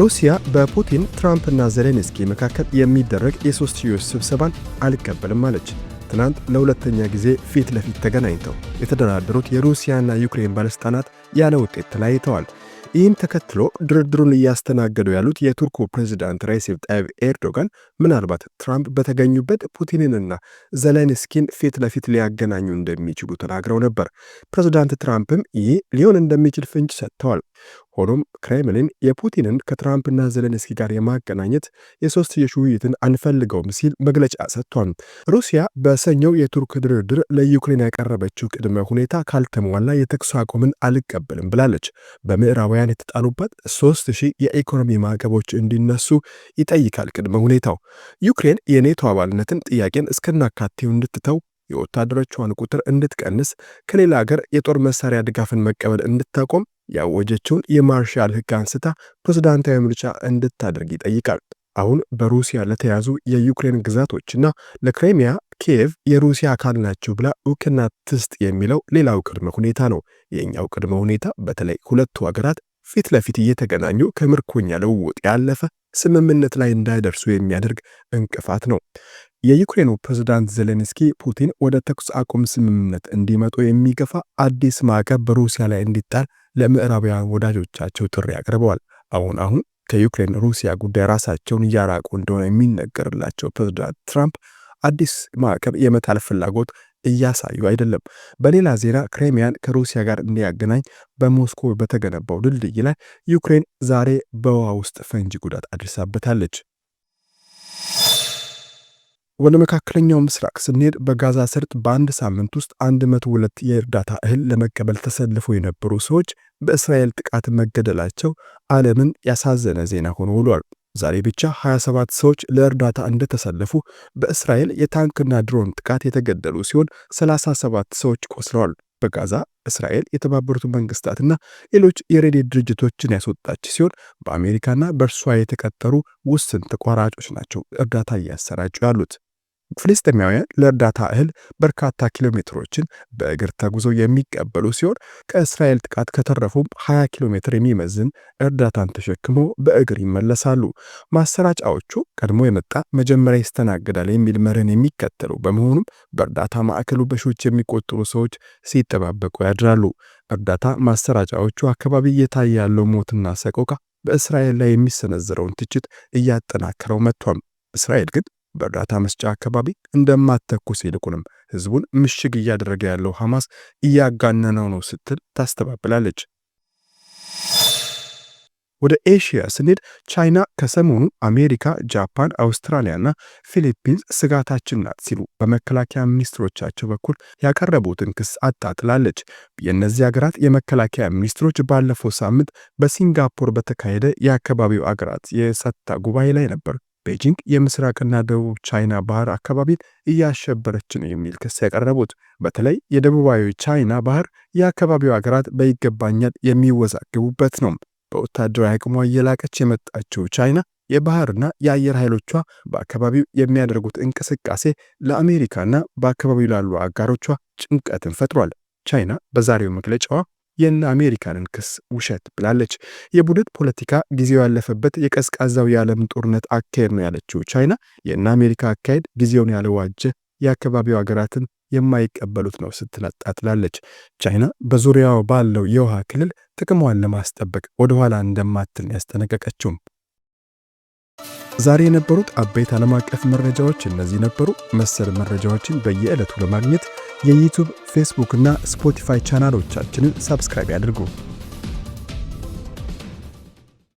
ሩሲያ በፑቲን ትራምፕና ዜሌንስኪ መካከል የሚደረግ የሶስትዮሽ ስብሰባን አልቀበልም አለች። ትናንት ለሁለተኛ ጊዜ ፊት ለፊት ተገናኝተው የተደራደሩት የሩሲያና ዩክሬን ባለሥልጣናት ያለ ውጤት ተለያይተዋል። ይህን ተከትሎ ድርድሩን እያስተናገዱ ያሉት የቱርኩ ፕሬዚዳንት ሬሴፕ ጣይብ ኤርዶጋን ምናልባት ትራምፕ በተገኙበት ፑቲንንና ዘለንስኪን ፊት ለፊት ሊያገናኙ እንደሚችሉ ተናግረው ነበር። ፕሬዚዳንት ትራምፕም ይህ ሊሆን እንደሚችል ፍንጭ ሰጥተዋል። ሆኖም ክሬምሊን የፑቲንን ከትራምፕና ዘለንስኪ ጋር የማገናኘት የሶስትዮሽ ውይይትን አንፈልገውም ሲል መግለጫ ሰጥቷል። ሩሲያ በሰኞው የቱርክ ድርድር ለዩክሬን ያቀረበችው ቅድመ ሁኔታ ካልተሟላ የተኩስ አቁምን አልቀበልም ብላለች። በምዕራባውያን የተጣሉበት ሶስት ሺህ የኢኮኖሚ ማዕቀቦች እንዲነሱ ይጠይቃል ቅድመ ሁኔታው። ዩክሬን የኔቶ አባልነትን ጥያቄን እስከናካቴው እንድትተው የወታደሮቿን ቁጥር እንድትቀንስ ከሌላ ሀገር የጦር መሳሪያ ድጋፍን መቀበል እንድታቆም ያወጀችውን የማርሻል ሕግ አንስታ ፕሬዝዳንታዊ ምርጫ እንድታደርግ ይጠይቃል። አሁን በሩሲያ ለተያዙ የዩክሬን ግዛቶችና ለክሬሚያ ኪየቭ የሩሲያ አካል ናቸው ብላ እውቅና ትስጥ የሚለው ሌላው ቅድመ ሁኔታ ነው። የእኛው ቅድመ ሁኔታ በተለይ ሁለቱ ሀገራት ፊት ለፊት እየተገናኙ ከምርኮኛ ልውውጥ ያለፈ ስምምነት ላይ እንዳይደርሱ የሚያደርግ እንቅፋት ነው። የዩክሬኑ ፕሬዝዳንት ዜሌንስኪ ፑቲን ወደ ተኩስ አቁም ስምምነት እንዲመጡ የሚገፋ አዲስ ማዕቀብ በሩሲያ ላይ እንዲጣል ለምዕራባውያን ወዳጆቻቸው ጥሪ አቅርበዋል። አሁን አሁን ከዩክሬን ሩሲያ ጉዳይ ራሳቸውን እያራቁ እንደሆነ የሚነገርላቸው ፕሬዝዳንት ትራምፕ አዲስ ማዕቀብ የመጣል ፍላጎት እያሳዩ አይደለም። በሌላ ዜና ክሬሚያን ከሩሲያ ጋር እንዲያገናኝ በሞስኮ በተገነባው ድልድይ ላይ ዩክሬን ዛሬ በውሃ ውስጥ ፈንጂ ጉዳት አድርሳበታለች። ወደ መካከለኛው ምስራቅ ስንሄድ በጋዛ ሰርጥ በአንድ ሳምንት ውስጥ 102 የእርዳታ እህል ለመቀበል ተሰልፈው የነበሩ ሰዎች በእስራኤል ጥቃት መገደላቸው ዓለምን ያሳዘነ ዜና ሆኖ ውሏል። ዛሬ ብቻ 27 ሰዎች ለእርዳታ እንደተሰለፉ በእስራኤል የታንክና ድሮን ጥቃት የተገደሉ ሲሆን 37 ሰዎች ቆስለዋል። በጋዛ እስራኤል የተባበሩት መንግስታትና ሌሎች የረድኤት ድርጅቶችን ያስወጣች ሲሆን በአሜሪካና በእርሷ የተቀጠሩ ውስን ተቋራጮች ናቸው እርዳታ እያሰራጩ ያሉት። ፍልስጤማውያን ለእርዳታ እህል በርካታ ኪሎ ሜትሮችን በእግር ተጉዞ የሚቀበሉ ሲሆን ከእስራኤል ጥቃት ከተረፉም 20 ኪሎ ሜትር የሚመዝን እርዳታን ተሸክሞ በእግር ይመለሳሉ። ማሰራጫዎቹ ቀድሞ የመጣ መጀመሪያ ይስተናግዳል የሚል መርህን የሚከተሉ በመሆኑም በእርዳታ ማዕከሉ በሺዎች የሚቆጠሩ ሰዎች ሲጠባበቁ ያድራሉ። እርዳታ ማሰራጫዎቹ አካባቢ እየታየ ያለው ሞትና ሰቆቃ በእስራኤል ላይ የሚሰነዘረውን ትችት እያጠናከረው መጥቷል። እስራኤል ግን በእርዳታ መስጫ አካባቢ እንደማተኩስ ይልቁንም ህዝቡን ምሽግ እያደረገ ያለው ሐማስ እያጋነነው ነው ስትል ታስተባብላለች። ወደ ኤሽያ ስንሄድ ቻይና ከሰሞኑ አሜሪካ፣ ጃፓን፣ አውስትራሊያና ፊሊፒንስ ስጋታችን ናት ሲሉ በመከላከያ ሚኒስትሮቻቸው በኩል ያቀረቡትን ክስ አጣጥላለች። የእነዚህ ሀገራት የመከላከያ ሚኒስትሮች ባለፈው ሳምንት በሲንጋፖር በተካሄደ የአካባቢው አገራት የጸጥታ ጉባኤ ላይ ነበር ቤጂንግ የምስራቅና ደቡብ ቻይና ባህር አካባቢን እያሸበረች ነው የሚል ክስ ያቀረቡት በተለይ የደቡባዊ ቻይና ባህር የአካባቢው ሀገራት በይገባኛል የሚወዛገቡበት ነው። በወታደራዊ አቅሟ እየላቀች የመጣችው ቻይና የባህርና የአየር ኃይሎቿ በአካባቢው የሚያደርጉት እንቅስቃሴ ለአሜሪካና በአካባቢው ላሉ አጋሮቿ ጭንቀትን ፈጥሯል። ቻይና በዛሬው መግለጫዋ የነ አሜሪካንን ክስ ውሸት ብላለች። የቡድን ፖለቲካ ጊዜው ያለፈበት የቀዝቃዛው የዓለም ጦርነት አካሄድ ነው ያለችው ቻይና የእነ አሜሪካ አካሄድ ጊዜውን ያለዋጀ የአካባቢው ሀገራትን የማይቀበሉት ነው ስትነጣ ትላለች። ቻይና በዙሪያው ባለው የውሃ ክልል ጥቅሟን ለማስጠበቅ ወደኋላ እንደማትል ያስጠነቀቀችውም ዛሬ የነበሩት አበይት ዓለም አቀፍ መረጃዎች እነዚህ ነበሩ። መሰል መረጃዎችን በየዕለቱ ለማግኘት የዩቱብ ፌስቡክ እና ስፖቲፋይ ቻናሎቻችንን ሳብስክራይብ ያድርጉ።